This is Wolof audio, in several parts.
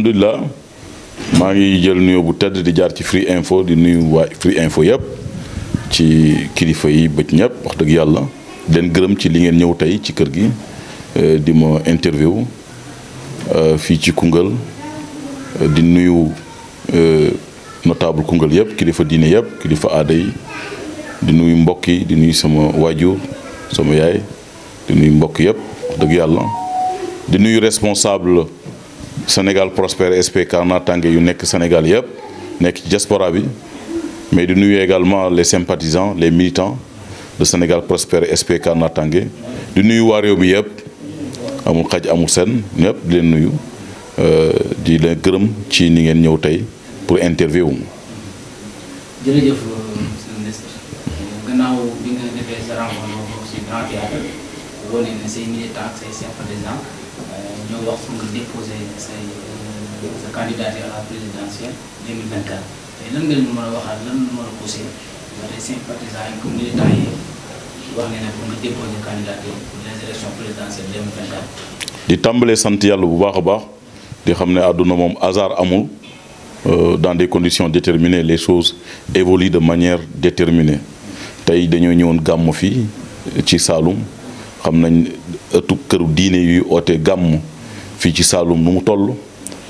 alhamdulilah ma ngi jël nuyo bu tedd di jaar ci Free Info di nuyu wa Free Info yeb ci kilifa yi becc ñep wax deug yalla den gërem ci li ngeen ñew tay ci kër gi eh, di mo interview eh, fi ci kungal eh, di nuyu notable kungal yeb kilifa diine yeb kilifa aada yi di nuyu mbokk yi di nuyu sama waju sama yaay di nuyu mbokk yeb deug yalla di nuyu responsable Sénégal Prospère SPK naataange yu nekk Sénégal yëpp nek ci diaspora bi mais di nuyu également les sympathisants les militants de Sénégal Prospère SPK naataange di nuyu wa réew mi yëpp amul xaj amul sen ñëpp di leen nuyu euh, di len gërëm ci ni ngeen ñëw tay pour interview wu. jërëjëf euh, monsieur le ministre gannaaw bi nga défé sa rencontre aussi grand théâtre wane na say militants ak say sympathisants ñoo wax nga déposé say sa candidature à la présidentielle 2024 tey lan nga ñu mën lan nga mën a poussé ba tey sympathisants yi comme militants yi wax ne nag nga déposé candidature pour les élections présidentielles 2024. di tàmbalee sant yàlla bu baax a baax di xam ne àdduna moom hasard amul euh, dans des conditions déterminées les choses évoluent de manière déterminée tey dañoo ñëwoon gàmm fii ci Saloum xam nañ ëttu këru diine yuy oote gàmm fii ci Saalum nu mu toll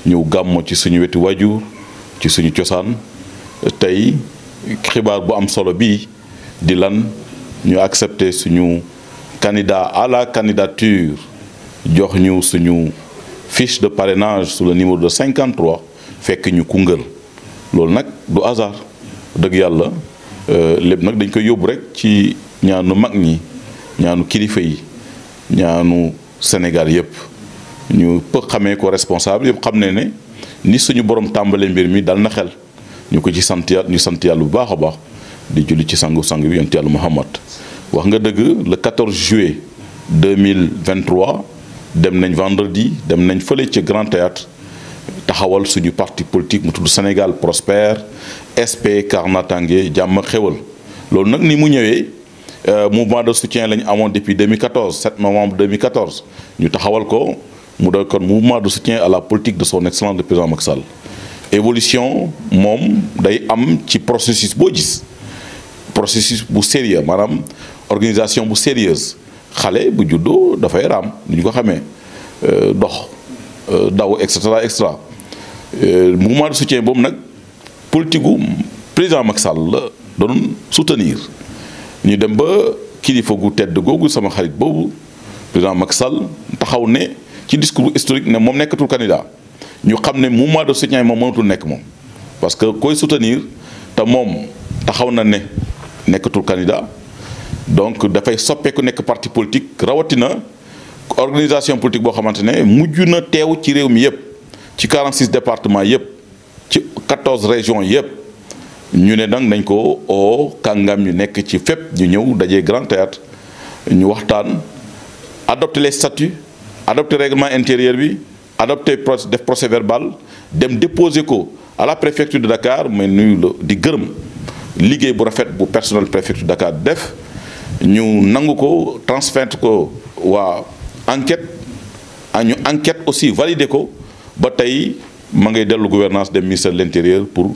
ñëw gàmm ci suñu weti waajur ci suñu cosaan tey xibaar bu am solo bi di lan ñu accepter suñu candidat à la candidature jox ñu suñu fiche de parrainage sur le numéro de 53 fekk ñu Koungheul loolu nag du hasard dëgg yàlla euh, lépp nag dañ koy yóbbu rek ci ñaanu mag ñi ñaanu kilifa yi ñaanu Sénégal yëpp ñu peu xamee ko responsable yëpp xam ne ne ni suñu borom tàmbalee mbir mi dal na xel ñu ko ci sant yàlla ñu sant yàlla bu baax a baax di julli ci sangu sang bi yonent yàlla Muhammad wax nga dëgg le 14 juillet 2023 dem nañ vendredi dem nañ fële ci Grand Théâtre taxawal suñu parti politique mu tudd Sénégal prospère SP Karnatange jàmm xewal loolu nag ni mu ñëwee. Euh, mouvement de soutien la ñu depuis 2014 7 novembre 2014 nous avons ko mouvement de soutien à la politique de son excellent le président Macky Sall évolution mom, day am ci processus boo processus bu sérieux madame, organisation bu sérieuse xale bu juddoo dafay raam ni ñu ko xamee euh, dox euh, daw etc. mouvement de soutien boobu politique président Macky Sall doon soutenir ñu dem ba kilifa gu tedd googu sama xarit boobu président Macky Sall taxaw ne ci discours historique ne moom nekkatul candidat ñu xam ne mouvement de soutien moom mënatul nekk moom. parce que koy soutenir te moom taxaw na ne nekkatul candidat donc dafay soppeeku nekk parti politique rawatina organisation politique boo xamante ne mujj na teew ci réew mi yëpp ci 46 départements yëpp ci 14 régions yëpp ñu ne nag ko o kàngam ñu nek ci fep ñu ñew dajé grand théâtre ñu waxtaan adopter les statuts adopter règlement intérieur bi adopté def procès verbal dem déposer ko à la préfecture de Dakar mais nuyu la di gërem liggéey bu rafet bu personnel préfecture de Dakar def ñu nangu ko transmettre ko wa enquête ah, ñu enquête aussi valider ko ba tay ma ngay delu gouvernance des ministère de l'intérieur pour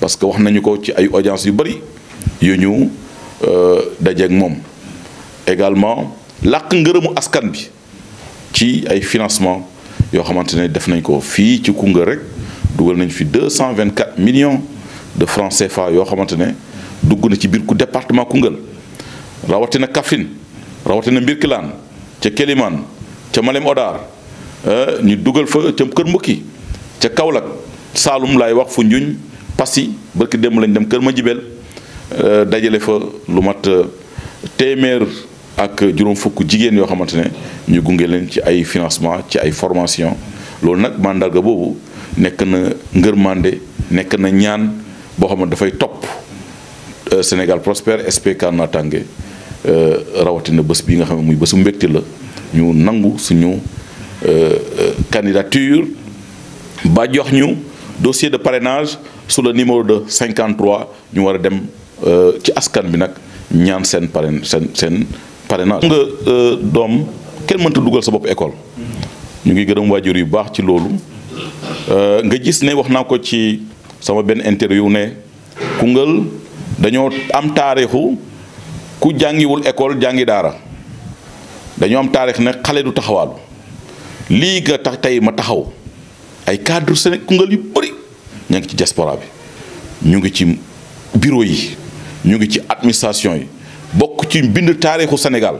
parce que wax nañu ko ci ay audience yu bëri yu ñu euh, dajeeg moom également làq ngërëmu askan bi ci ay financement yoo xamante ne def nañ ko fii ci Koungheul rek dugal nañ fi cent vingt 224 million de francs CFA yoo xamante ne dugg na ci biir ku département Koungheul rawatina Kaffrine rawatina Mbirkilaan ca Kélimaan ca Malem Odar euh, ñu dugal fa Kër Mbukki ca Kaolack Saalum laay wax fu njuñ Passy barki démb lañ dem Kër ma Madiabel euh, dajale fa lu mat euh, téeméer ak juróom fukk jigéen yoo xamante ne ñu gunge leen ci ay financement ci ay formation loolu nag mandarga boobu nekk na ngërmande nekk na ñaan boo xam ne dafay topp euh, Sénégal prospère SPK naataange rawatina bés bi nga xam ne muy bésu mbégte la ñu nangu suñu candidature ba jox ñu. dossier de parrainage sous le numéro de 53 ñu war a dem euh, ci askan bi nag ñaan seen parrain seen seen parrainage. nga euh, doom kenn mënta dugal sa bopp école ñu ngi gërëm waajur yu baax ci loolu euh, nga gis ne wax naa ko ci sama benn interview ne Koungheul dañoo am taarixu ku jàngiwul école jàngi daara dañoo am taarix ne xale du taxawaalu lii nga tey ma taxaw. ay cadre Sénégal Koungheul yu ci diaspora bi ñu ngi ci bureau yi ñu ngi ci administration yi bokku ci Sénégal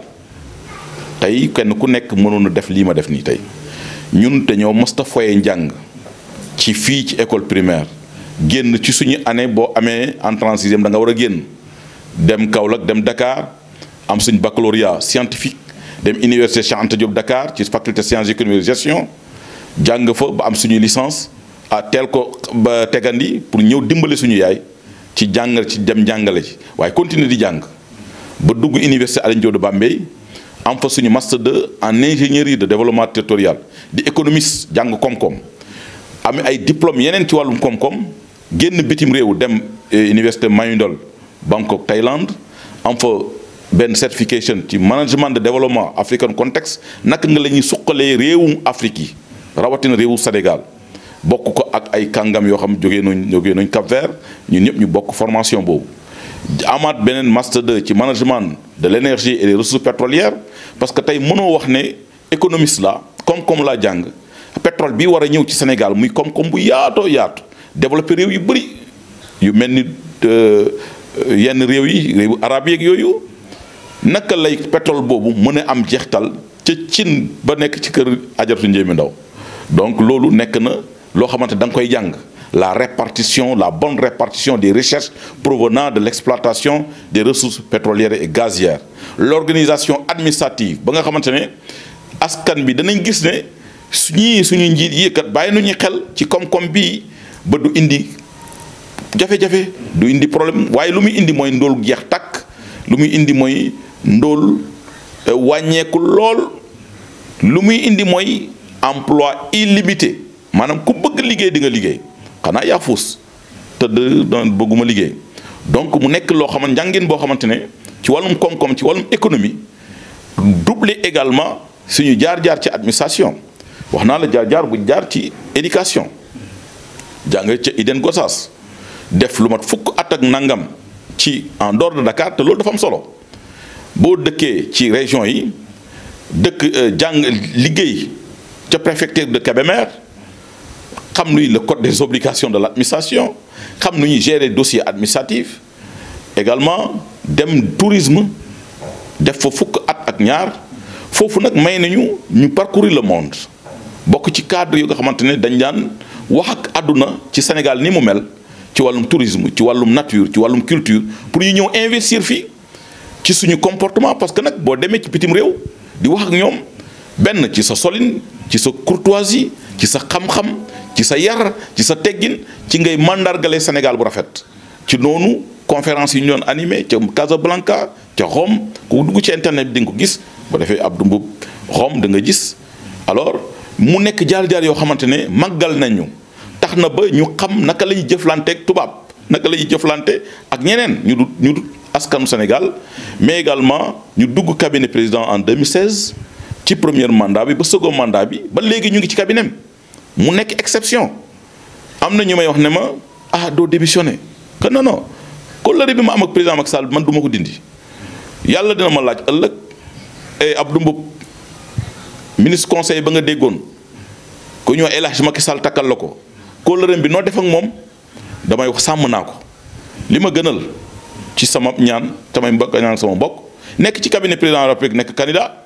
Nous kenn ku nekk def ma def école primaire en da dem dem Dakar am baccalauréat scientifique dem université Dakar ci faculté sciences jàng fa ba am suñu licence a ah, teel ko ba tegandi pour ñëw dimbale suñu yaay ci jàngal ci dem jàngale ci waaye continuer di jàng ba dugg université Alioune Diop de Bambey am fa suñu master en ingénierie de développement territorial di économiste jàng koom-koom ay diplôme yeneen ci wàllum koom-koom génn bitim réew dem eh, université Mayundol Bangkok Thaïlande am fa benn certification ci management de développement african contexte nak nga la ñuy suqalee réewum Afrique yi. rawatina réewu Sénégal bokk ko ak ay kangam yo xam jogé nañ jógee nañ Cap Vert ñun ñep ñu bokk formation bobu amaat benen master 2 ci management de l'énergie et des ressources pétrolières parce que tay mëno wax né économiste la comme comme la jang pétrole bi wara ñëw ci Sénégal muy comme comme bu yaato yaatu développé réew yu bari yu melni euh yenn réew yi réewu arab yeeg naka lay pétrole bobu mëna am jeextal ci cin ba nek ci kër ajartu njéemi ndaw donc lolo nekna na loo xamante koy la répartition la bonne répartition des recherches provenant de l'exploitation des ressources pétrolières et gazières l'organisation administrative ba nga ne askan bi danañ gis ne suñuy suñu njiit yi kat baye nañu xel ci koom-koom bii ba du indi Jafé jafé, du indi problème Waye lu muy indi moy ndol jeex tak, lu muy indi moy ndol euh, wàññeeku lool lu muy indi moy emploi illimité manam ku bëgg liggéey di nga liggéey xana ya fuus te doon bëgguma liggéey donc mu nekk loo xamante njàngin boo xamante ne ci wàllum koom-koom ci wàllum économie doubler également suñu jaar-jaar ci administration wax naa la jaar-jaar bu jaar ci éducation jàng ca Iden Gossas def lu mat fukk at ak nangam ci en dehors de Dakar te loolu dafa am solo boo dëkkee ci région yi dëkk euh, jàng liggéey la préfecture de Kébémer comme lui le code des obligations de l'administration comme nous gérer gérer dossier administratif également dem tourisme def fa fukk at ak ñaar foofu nag ñu parcourir le monde dans ci cadre yu nga xamante ne dañ daan wax ak àdduna ci Sénégal ni mu mel ci tourisme ci wàllum nature ci wàllum culture pour ñu ñëw investir fii ci suñu comportement parce que nag boo demee ci bitim réew di wax ak qui ci sa soline ci sa courtoisie ci sa xam-xam ci sa yar ci sa ci ngay mandargalé Sénégal bu rafet ci conférence yi ñu Casablanca ci Rome ku dugg ci internet di Rome da nga alors mu nekk jaar-jaar yo xamantene ne nañu taxna ba ñu xam naka naka ak ñu ñu Sénégal mais également ñu dugg cabinet président en 2016. ci première mandat bi ba second mandat bi ba léegi ñu ngi ci cabinet mu nekk exception am na ñu may wax ne ma ah doo démissionné na non non kóllëre bi ma am ak président Macky Sall man du ma ko dindi yàlla dina ma laaj ëllëg e Abdou Mboup conseil ba nga déggoon ku ñoo El Hadj Macky Sall takkal la ko kóllëreem bi noo def moom damay wax sàmm naa ko li ma gënal ci sama ñaan samay mbokk ñaan sama mbokk nekk ci cabinet président de la nekk candidat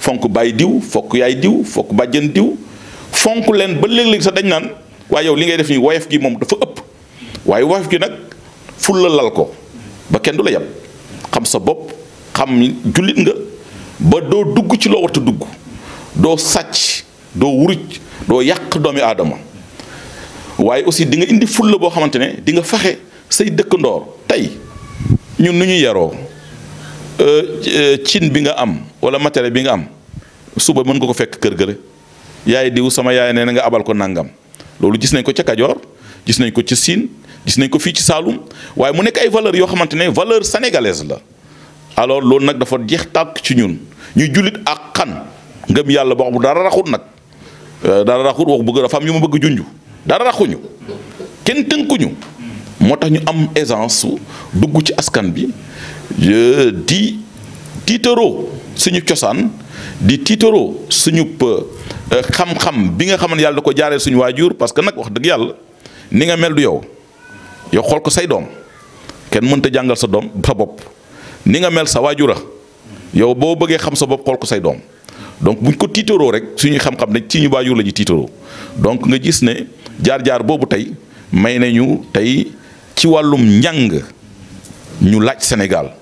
fonk bàyyi diw fokk yaay diw fokk bàjjan diw fonk leen ba léeg-léeg sax dañ naan waaye yow li ngay def nii woyof gi moom dafa ëpp waaye woyof gi nag fulla lal ko ba kenn du la yab xam sa bopp xam jullit nga ba doo dugg ci loo warta dugg doo sàcc doo wuruj doo yàq doomi aadama waaye aussi di nga indi fulla boo xamante ne di nga faxe say dëkkandoor tey ñun nu ñu yaroo euh, euh, cin bi nga am wala matériel bi nga am suba mën nga ko fekk kër ga gële yaay diw sama yaay nee na nga abal ko nangam loolu gis nañ ko ca Kajoor gis nañ ko ci Sine gis nañ ko fii ci Saalum waaye mu nekk ay valeur yoo xamante ne valeur sénégalaise la alors loolu nag dafa jeex tàkk ci ñun ñuy jullit ak xan ngam yàlla boo xam dara raxut nag euh, dara raxut bëgg dafa am yu ma bëgg junj dara raxuñu kenn tënkuñu moo tax ñu am aisance su dugg ci askan bi di tiitaroo suñu cosaan di tiitaroo suñu eh, xam-xam bi nga xam yàlla ko jaaree suñu waajur parce que nag wax dëgg yàlla ni nga mel du yow yow xool ko say doom kenn mënta jàngal sa doom sa bopp ni nga mel sa waajura yow boo bëggee xam sa bopp xool ko say doom donc buñ ko tiitaroo rek suñuy xam-xam dañ ci ñu waajur la ñuy tiitaroo donc nga gis ne jaar-jaar boobu tey may na ñu tey ci wàllum njàng ñu laaj Sénégal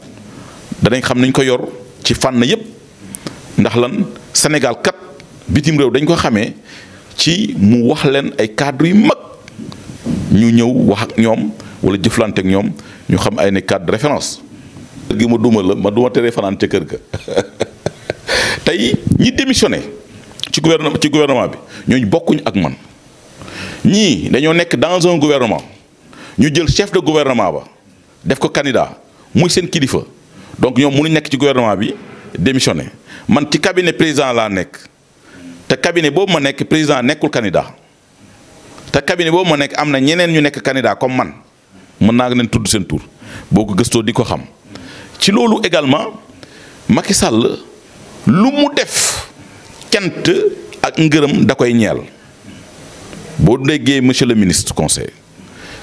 danañ xam nañ ko yor ci fànn yépp ndax lan Sénégal kat bitim réew dañ ko xamee ci mu wax leen ay cadres yu mag ñu ñëw wax ak ñoom wala jëflante ak ñoom ñu xam ay ne cadre de référence. kër gi ma duma la ma duma teree fanaan ca kër ga tey ñi démissionné ci gouvernement ci gouvernement bi ñooñu bokkuñu ak man ñii dañoo nekk dans un gouvernement ñu jël chef de gouvernement ba def ko candidat muy seen kilifa. donc nous nek ci gouvernement bi démissionné man ci cabinet président la nek té cabinet boobu ma nek président nekul candidat té cabinet boobu ma nek ñeneen ñu comme man mën le xam ci également Macky Sall lu mu def kent ak da koy monsieur le ministre conseil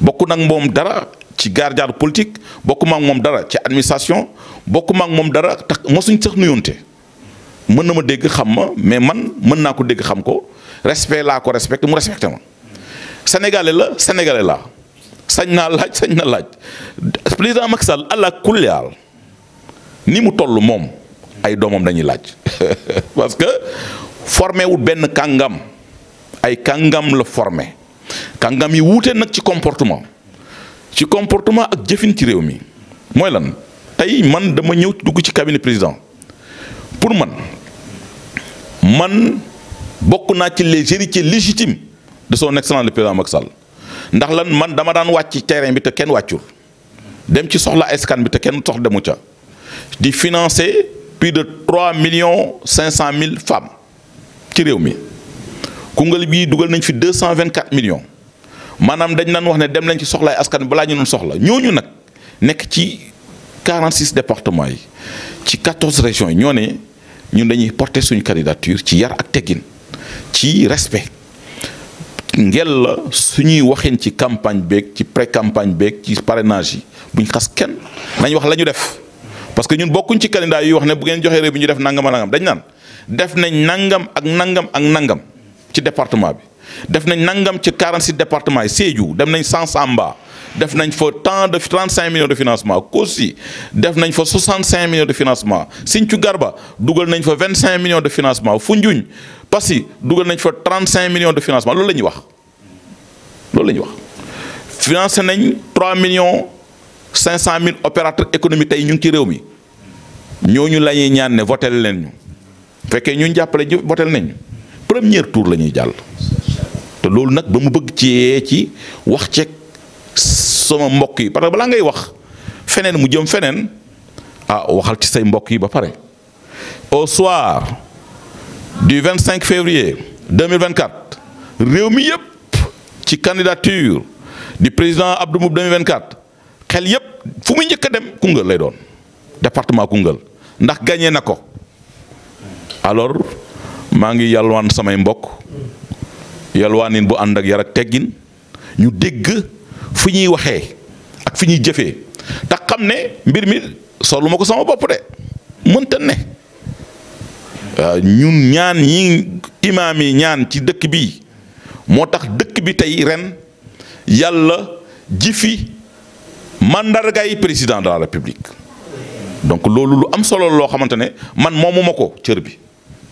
bokk nag moom dara ci gardiar politique bokk ma moom dara ci administration bokk ma ak moom dara tax mosuñ sax nuyonte mën na ma dégg xam ma mais man mën naa ko dégg xam ko respect laa ko respecté mu respecté ma sénégalais la sénégalais la sañ naa laaj sañ na laaj président Macky Sall allah kulli aal ni mu toll moom ay doomam lañuy laaj parce que formé wu benn kàngam ay kàngam la formé. kàngam yi wuute nag ci comportement ci comportement ak jëfin ci réew mi lan tey man dama ñëw dugg ci cabinet président pour man man bokk naa ci les héritiers légitimes de son excellent le président Macky Sall ndax lan man dama daan wàcc terrain bi te kenn wàccul dem ci soxla escan bi te kenn sox demu ca di financer plus de trois millions cinq cent mille femmes ci réew Koungheul bi dugal nañ fi 224 millions manam dañ nan wax ne dem lañ ci soxlay askan bala ñu doon soxla ñooñu nak nek ci 46 départements yi ci 14 régions ñone ne ñun dañuy porter suñu candidature ci yar ak teggin ci respect. ngel la suñuy waxin ci campagne beeg ci pré campagne beeg ci parrainage buñ xass ken nañ wax lañu def parce que ñun bokkuñ ci candidat yi wax ne bu ngeen joxee réew bi ñu def nangam nangam dañ nan def nañ nangam ak nangam ak nangam. ci département bi def nañ nangam ci si départements yi Sédhiou dem nañ Sansamba def nañ fa tant de 35 millions de financement Kossy def nañ fa 65 millions de financement Sinthiou Garba dugal nañ fa 25 millions de financement Foundiougne Passy dugal nañ fa 35 millions de financement loolu la ñuy wax loolu la wax financé nañ 3 millions 500 mille opérateurs économiques tey ñu ngi ci réew mi ñooñu la ñuy ñaan ne votel leen ñu fekkee ñun jàppale ji votel nañ premier tour la ñuy jàll te loolu nag mu bëgg ci yee ci wax ceeg sama mbokk yi parce que balaa ngay wax feneen mu jëm feneen ah waxal ci say mbokk yi ba pare au soir du 25 février 2024 réew mi yëpp ci candidature di président Abdou Mbow 2024 xel yëpp fu muy njëkk dem Koungheul lay doon département Koungheul ndax gagné na ko alors. maa ngi yalwaan samay mbokk yalwaanin bu ànd ak yar ak teggin ñu dégg fi ñuy waxee ak fi ñuy jëfee te xam ne mbir mi soluma ko sama bopp de mënta ne waaw ñun ñaan yi imaam yi ñaan ci dëkk bi moo tax dëkk bi tey ren yàlla jifi mandargay président de la république donc loolu lu am solo loo xamante ne man moomuma ko cër bi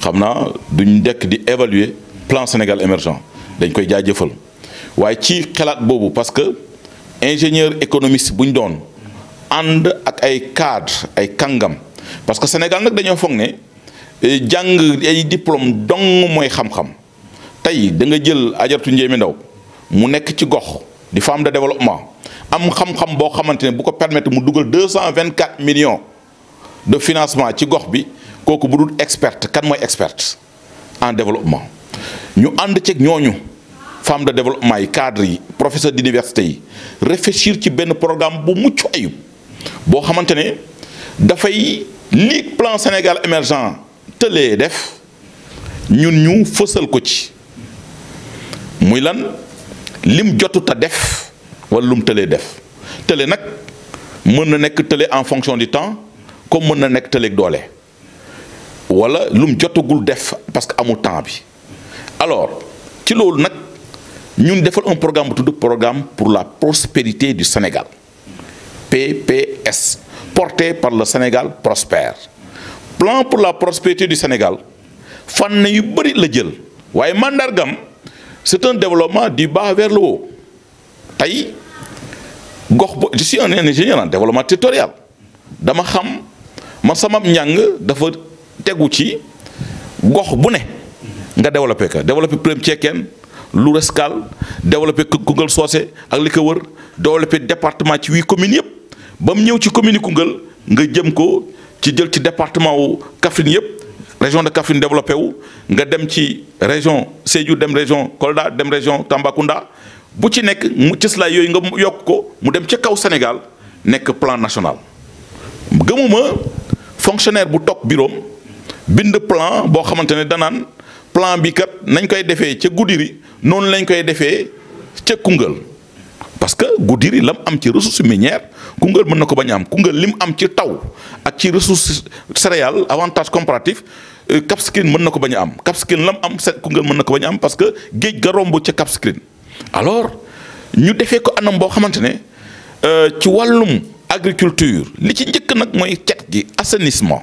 xamna naa duñ dekk di évaluer plan Sénégal émergent dañ koy jaajëfal waaye ci xalaat bobu parce que ingénieur économiste buñ doon and ak ay cadre ay Kangam parce que Sénégal nak dañoo fogné ne eh, ay diplôme dong moy xam-xam tay da nga jël ajartu njéemi ndaw mu nekk ci gox di femme de développement am xam-xam bo xamante ne bu ko permettre mu dugal 224 millions de financement ci gox bi qu'on soit experts, experte kan en développement ñu avons des ñooñu de développement yi cadre yi professeur d'université réfléchir ci ben programme bu muccu ayub Nous, xamantene da dafay plan Sénégal émergent télé def ñun ñu ko ci muy lim ta def wala lum télé def télé nak mën na en fonction du temps comme mën wala lum jotagul def parce que amul temps bi alors ci loolu nak ñun defal un programme tout programme pour la prospérité du Sénégal PPS porté par le Sénégal prospère plan pour la prospérité du Sénégal fann yu bari la jël waye mandargam c'est un développement du bas vers le haut tay gox je suis un ingénieur en développement territorial dama xam man sama ñang dafa. tegu ci gox bu ne nga développé ko développé Pël Cekkeen Lour Escale développé Koungheul Socé ak li ko wër développé département ci huit commune yëpp ba mu ñëw ci commune Koungheul nga jëm ko ci jël ci département wu Kaffrine yëpp région de Kaffrine développé wu nga dem ci région Sédhiou dem région Kolda dem région Tambacounda bu ci nekk mu cëslaay yooyu nga yokk ko mu dem ca kaw Sénégal nekk plan national gëmuma fonctionnaire bu toog bureau bind plan boo xamante ne danaan plan bii kat nañ koy defee ca Goudiri noonu lañ koy defee ca Koungheul parce que Goudiri lam am ci ressource minière Koungheul mën na ko bañ a am Koungheul lim am ci taw ak ci ressource céréale avantage comparatif euh, Cap mën na ko bañ a am Cap Skirring lam am set Koungheul mën na ko bañ a am parce que géej ga romb ca Cap Skirring alors ñu defee ko anam boo xamante ne euh, ci wàllum agriculture li ci njëkk nag mooy cet gi assainissement.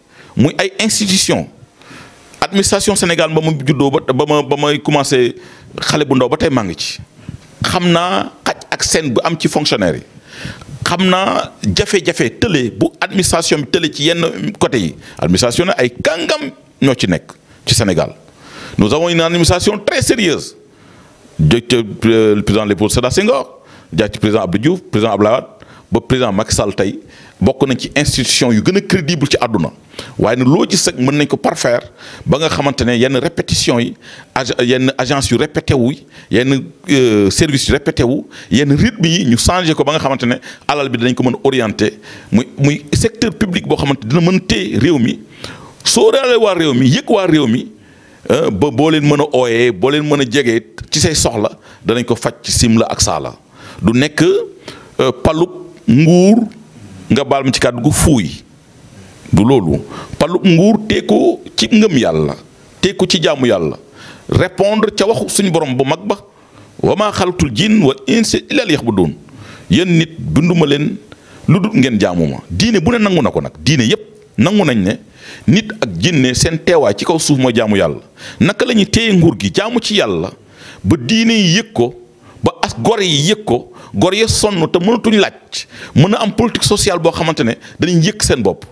moy ay institution administration Sénégal ba ma juddoo ba may commencé xale bu ndaw ba tey maa ci xamna xaj ak sen bu am ci fonctionnaire xamna jafé jafé télé bu administration bi ci yenn côté yi administration ay kangam ñoo ci ci Sénégal nous avons une administration très sérieuse euh, le président Léopold Sédar Senghor président Abdou Diouf président Ablawat le ba président Macky Sall bokk ci institution yu gëna crédible ci aduna waaye ne lo ci rek mën nañ ko parfaire ba nga xamantene yenn répétition yi yenn agence yu répété wu yenn euh, service yu répété wu yenn rythme yi ñu changer ko ba nga xamantene alal bi dañ ko mën orienter muy muy secteur public bo xamantene dina mën té réew mi sóoraale waa réew mi yëg wa réew mi euh, ba bo leen mëna a bo leen mëna a ci say soxla danañ ko faj ci simla ak sala du nekk euh, palup nguur nga balm ci kaddu gu fuuy du lolou palu nguur teeku ci ngëm yalla teeku ci jaamu yalla répondre ci waxu suñu borom bu mag ba wama khaltul jin wa insa illa liya'budun yen nit binduma len luddut ngen ngeen jaamuma ma diine bu ne nangu na ko diine yep nangu nañ ne nit ak jinne sen teewa ci kaw suuf mo jaamu yalla naka lañu teey nguur gi jaamu ci yalla ba diine yekko ba as gore yi gor ya sonn te mënatuñ lacc meuna am politique sociale dañuy sen bop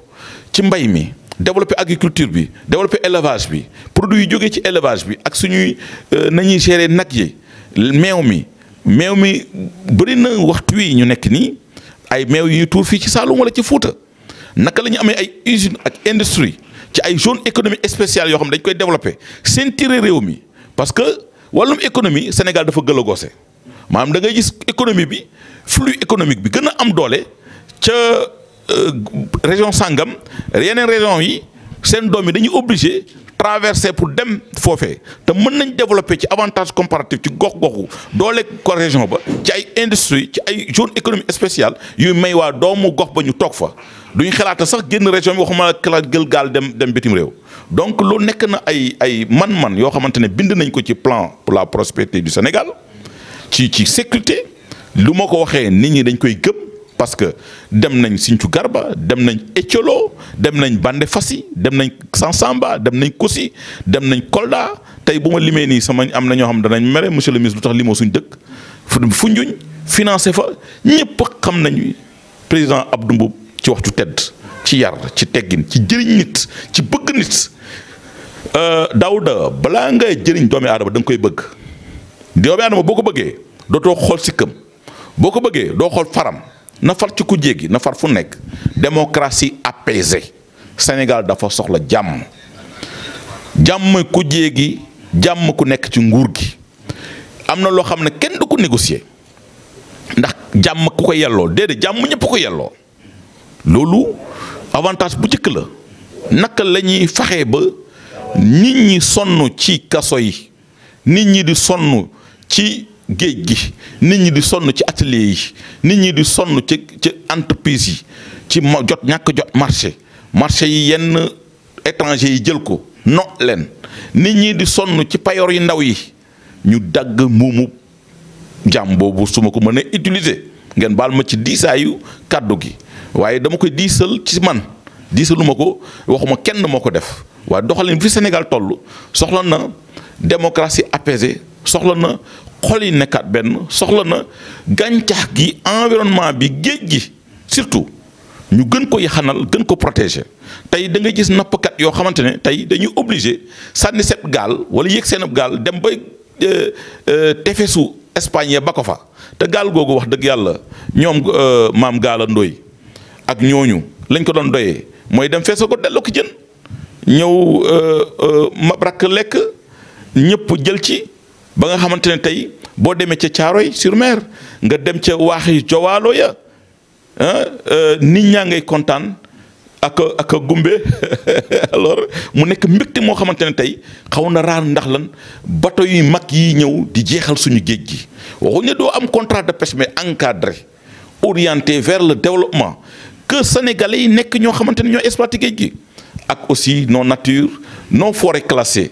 ci mbay développer agriculture bi développer élevage bi produire ci bi ak suñuy euh, gérer mi mi na waxtu wi ñu nek ni ay faire. yu tour fi ci Saloum wala ci Fouta naka ay usine ak industrie ci spéciale développer parce que économie Sénégal dafa maanaam da ngay gis économie bi flux économique bi gëna am doolé ci euh, région sangam yeneen région yi sen doom yi dañuy obligé traverser pour dem fofé te mën nañ développer ci avantage comparatif ci gox-goxu doolé ko région ba ci ay industrie ci ay zone économique spéciale yu may wa doomu gox ba ñu tok fa duñ xalaata sax génn région bi waxuma la gël gaal dem dem bitim rew donc loolu nekk na ay ay man-man yo xamantene bind nañ ko ci plan pour la prospérité du Sénégal ci ci sécurité lu ma ko waxee nit ñi dañ koy gëm parce que dem nañ Sinthiou Garba dem nañ Etiolo dem nañ Bandé Fassi dem nañ Sansamba dem nañ Kossy dem nañ Kolda tey bu ma limee nii sama am na ñoo xam danañ mere monsieur le ministre lu tax limoo suñ dëkk fu njuñ financé fa ñëpp xam nañu président Abdou Mbow ci wax ju tedd ci yar ci teggin ci jëriñ nit ci bëgg nit euh, Daouda balaa ngay jëriñ doomi aadama da nga koy bëgg. doomi aadama boo ko bëggee dootoo xool sikkam boo ko bëggee doo xool faram na far ci ku jéggi na far fu nekk démocratie apaisée senegal dafa soxla jàmm jàmm ku jéggi jàmm ku nekk ci nguur gi am na loo xam ne kenn du ko négocier ndax jàmm ku ko yelloo déedéet jàmm ñëpp ko yelloo loolu avantage bu jëkk la naka lañuy ñuy faxee ba nit ñi sonn ci kaso yi nit ñi di sonn ci géej gi nit ñi di sonn ci atelier yi nit ñi di sonn ci ci entreprise yi ci ma jot ñàkk jot marché marché yi yenn étranger yi jël ko no leen nit ñi di sonn ci payoor yu ndaw yi ñu dagg muumu jàmm boobu su ma ko mënee utiliser ngeen baal ma ci diisaayu kàddu gi waaye dama koy diisal ci man diisalu ko waxuma kenn moo ko def waaye doxalin fi Sénégal toll soxla na démocratie apaisée soxla na xol yi nekkaat benn soxla na gàncax gi environnement bi géej gi surtout ñu gën ko yaxanal gën ko protéger tey da nga gis nappkat yoo xamante ne tey dañuy obligé sànni set gaal wala yéeg seen gaal dem ba euh, euh, tefesu Espagne ya ba ko fa te gaal googu wax dëgg yàlla ñoom euh, maam gaala ndóoy ak ñooñu lañ ko doon doyee mooy dem feesa ko delloo ko jën ñëw rakk lekk ñëpp jël ci ba nga xamante ne tey boo demee ca caaro sur mer nga dem ca waaxi jowaalo ya ah, euh, nit ñaa ngay kontaan ak ak gumbe alors mu nekk mbégte moo xamante ne tey xaw na raar ndax lan bato yu mag yi ñëw di jeexal suñu géej gi waxuñu doo am contrat de pêche mais encadré orienté vers le développement que sénégalais yi nekk ñoo xamante ne ñoo exploité géej gi ak aussi nos nature nos forêts classées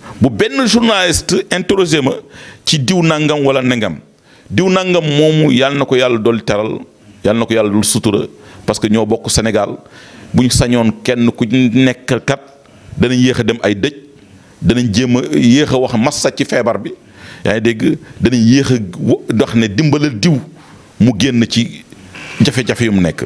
bu benn journaliste interrogé ma ci diw nangam wala nangam diw nangam moomu yàlla na ko yàlla dolli teral yàlla na ko yàlla dul sutura parce que ñoo bokk senegal buñ sañoon kenn ku nekk kat danañ yéex a dem ay dëj danañ jéem a yéex a wax massa ci feebar bi yaa ngi dégg danañ yéex a dox ne dimbalal diw mu génn ci jafe-jafe mu nekk.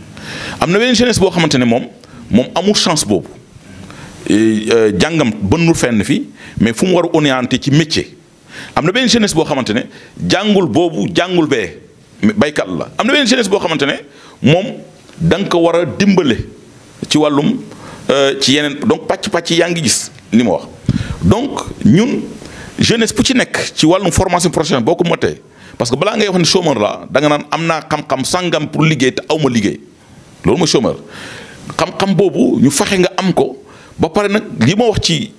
am na beneen jeunesse boo xamante ne moom moom amul chance boobu euh, jàngam bënnul fenn fii mais fu mu war a orienté ci métier am na beneen jeunesse boo xamante ne jàngul boobu jàngul bee baykat la am na beneen jeunesse boo xamante ne moom da nga ko war a dimbale ci wàllum euh, ci yeneen donc pàcc pàcc yaa ngi gis li ma wax donc ñun jeunesse bu ci nekk ci wàllum formation professionnelle boo ko motee parce que balaa ngay wax ne chômeur la da nga naan am naa xam-xam sàngam pour liggéey te aw ma liggéey. loolu mooy chômeur xam-xam bobu ñu fexe nga am ko ba paré nak li mo wax ci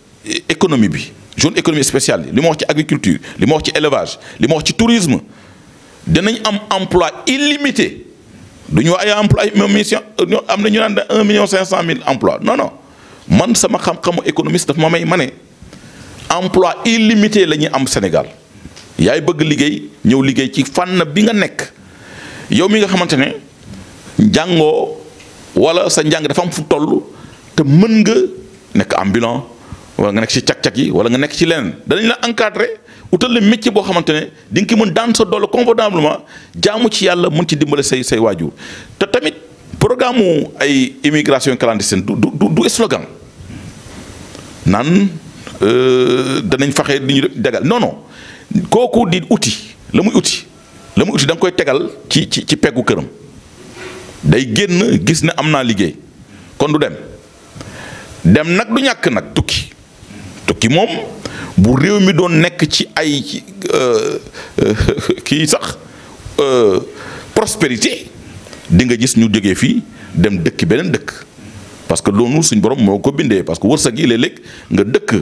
économie bi zone économie spéciale li mo wax ci agriculture li mo wax ci élevage li mo wax ci tourisme danañ am emploi illimité duñu ay emploi am na ñu naan 1 million cinq cent emploi non non man sama xam xam économiste dafa ma may mané emploi illimité lañu am Sénégal yaay bëgg liggéey ñëw liggéey ci fànn bi nga nek yow mi nga xamante ne. jàngoo wala sa njàng dafa am fu toll te mën nga nekk ambulant wala nga nekk ci cag-cag yi wala nga nekk ci leneen danañ la encadrer utal la métier boo xamante ne di nga ki mën daan sa doole convenablement jaamu ci yàlla mën ci dimbale say say waajur te tamit programme mu ay immigration clandestine du du du naan euh, danañ faxe di ñu degal non kooku di uti la muy uti la muy uti da nga koy tegal ci ci ci peggu këram. day génn gis ne am naa liggéey kon du dem dem nag du ñàkk nag tukki tukki moom bu réew mi doon nekk ci ay euh, kii sax euh, prospérité di nga gis ñu jógee fii dem dëkk beneen dëkk parce que loolu suñ borom moo ko bindee parce que wërsëg yi léeg-léeg nga dëkk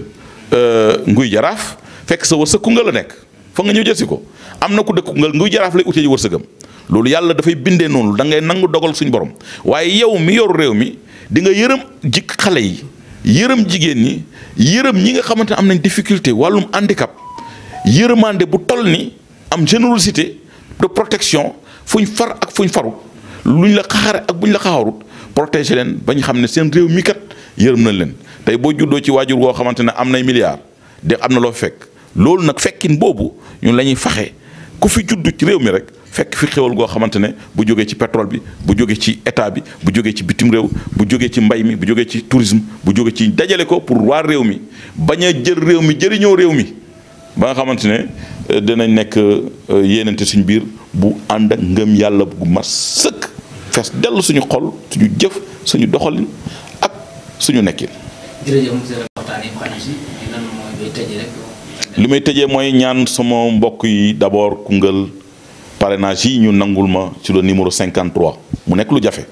euh, nguy jaraaf fekk sa wërsëg ku nga la nekk fa nga ñëw jël si ko am na ku dëkk ku nga nguy jaraaf lay utee ji wërsëgam loolu yàlla dafay bindee noonu da ngay nangu dogal suñ borom waaye yow mi yoru réew mi dinga yërëm jik xale yi yërëm jigéen ñi yërëm ñi nga xamante am nañ difficulté wàllum handicap yërëmande bu toll ni am générosité de protection fuñ far ak fuñ farut luñ la xaxare ak buñ la xaxarut protéger leen ba ñu xam ne seen réew mi kat yërëm nañ leen tey boo juddoo ci waajur woo xamante ne am nay milliard de am na loo fekk loolu nag fekkin boobu ñun la ñuy faxe ku fi juddu ci réew mi rek. fekk fi xéwal goo xamante ne bu jógee ci pétrole bi bu jógee ci état bi bu jógee ci bitim réew bu jógee ci mbay mi bu jógee ci tourisme bu jógee ci dajale ko pour waar réew mi bañ jël réew mi jëriñoo réew mi ba nga xamante ne euh, dinañ nekk euh, yéenante suñu biir bu ànd ak ngëm yàlla bu mas sëkk fees dellu suñu xol suñu jëf suñu doxalin ak suñu nekkin. li may tëjee mooy ñaan sama mbokk yi d'abord Koungheul. parrainage yi ñu nangul ma ci le numéro 53 mu nek lu jafé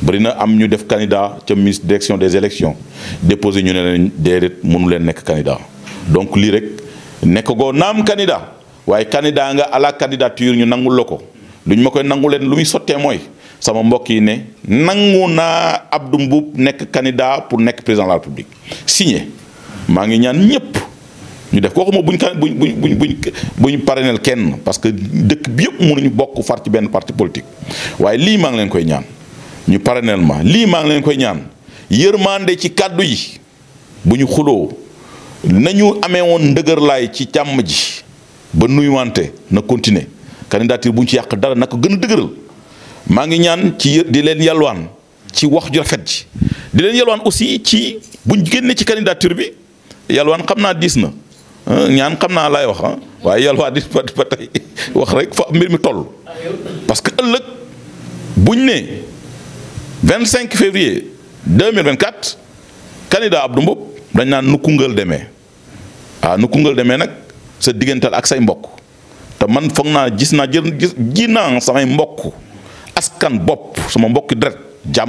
bëri na am ñu def candidat ci mis direction des élections déposé ñu ne leen déedéet mënu leen nek candidat donc li rek nek go naam candidat waye candidat nga à la candidature ñu nangul lako ko lu ñu ma koy nangu leen lu muy sottee sama mbokk yi ne nanguna Abdou Mboub nek candidat pour nek président de la République signé ma ngi ñaan ñëpp. ñu def kooku moom bu ñu ka buñ buñ buñ buñ buñ parrainel kenn parce que dëkk bi yëpp mënuñu bokk far ci benn parti politique waaye lii maa ngi leen koy ñaan ñu parrainel ma lii maa ngi leen koy ñaan yërmande ci kàddu yi bu ñu xuloo nañu amee woon ndëgërlaay ci càmm ji ba nuyuwante na continuer candidature bu ñu ci yàq dara na ko gën a dëgëral maa ngi ñaan ci di leen yalwaan ci wax ju rafet ji di leen yalwaan aussi ci buñ génnee ci candidature bi yalwaan xam naa diis na ñaan xamna lay wax ah yalla wa ba pat tey wax rek fa mbir mi toll parce que euleuk buñ né 25 février 2024 candidat Abdou mbop dañ nan nu kungal démé ah nu kungal démé nak sa digëntal ak say mbokk te man fogna gis na jël mbokk askan bop sama mbokk deret jam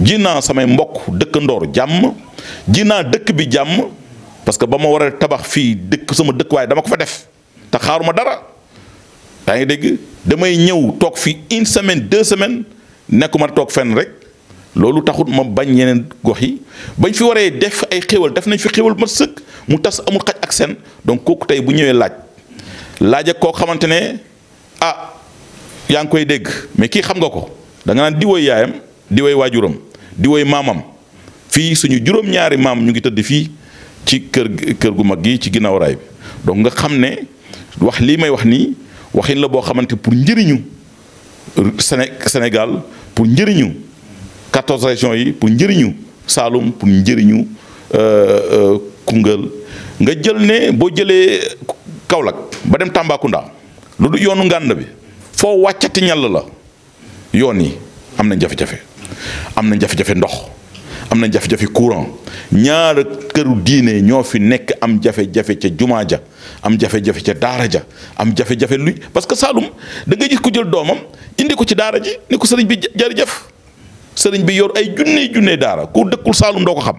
ji sama mbokk dekk ndor jam naa dekk bi jam parce que ba ma war a tabax fii dëkk sama dëkk dëkkuwaay dama ko fa def te xaaruma dara yaa ngi dégg damay ñëw toog fii une semaine deux semaine nekkuma toog fenn rek loolu taxut ma bañ yeneen gox yi bañ fi waree def ay xéwal def nañ fi xéwal ma sëkk mu tas amul xaj ak seen donc kooku tey bu ñëwee laaj laaj koo xamante ne ah yaa ngi koy dégg mais kii xam nga ko da nga naan di woy yaayam di woy waajuram di woy maamam fii suñu juróom-ñaari maam ñu ngi tëdd fii. ci kër kër gu mag yi ci ginnaaw bi donc nga xam ne wax lii may wax nii waxin la boo xamante pour njëriñu Sénégal pour njëriñu 14 régions yi pour njëriñu Saloum pour njëriñu euh, euh, Koungheul nga jël ne boo jëlee Kaolack ba dem Tambacounda lu du yoonu ngànd bi foo wàccati ñàll la yoon yi am na jafe-jafe am na jafe-jafe ndox am na jafe-jafe courant ñaara këru diine ñoo fi nekk am jafe-jafe ca jumaa ja am jafe-jafe ca daara ja am jafe-jafe luy parce que Saalum da nga gis ku jël doomam indi ko ci daara ji ni ko sëriñ bi jërëjëf sëriñ bi yor ay junne junnee daara ku dëkkul Saalum doo ko xam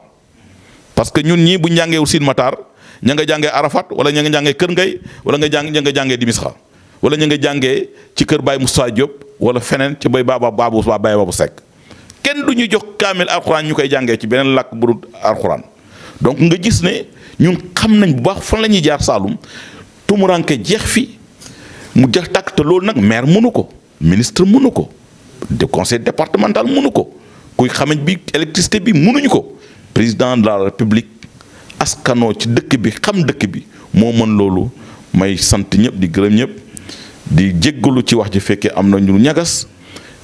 parce que ñun ñii bu njàngeewul Sine Matar ña nga jàngee Arafat wala ña nga jàngee Kër Ngay wala nga jàng ña nga jàngee Dimisxa wala ña nga jàngee ci kër Baye Moussa Diop wala feneen ci bay baaba baabu baa Baye Babu Seck kenn du ñu jox kaamil alxuraan ñu koy jàngee ci beneen làkk bu dul alxuraan donc nga gis ne ñun xam nañ bu baax fan la ñuy jaar Saalum tumuranke jeex fi mu jeex tàkk te loolu nag maire mënu ko ministre mënu ko de conseil départemental mënu ko kuy xamañ bi électricité bi mënuñu ko président de la république askanoo ci dëkk bi xam dëkk bi moo mën loolu may sant ñëpp di gërëm ñëpp di jéggalu ci wax ji fekkee am na ñu ñagas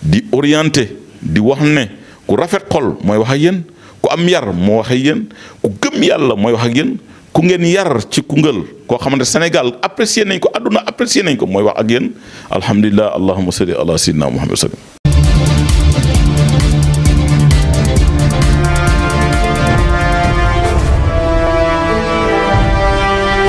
di orienté di wax ne ku rafet xol mooy wax ak yéen ku am yar moo wax ak yéen ku gëm yàlla mooy wax ak yéen ku ngeen yar ci Koungheul koo xamante Sénégal apprécier nañ ko àdduna apprécier nañ ko mooy wax ak yéen alhamdulilah allahuma salli ala sayyidina muhammad sallam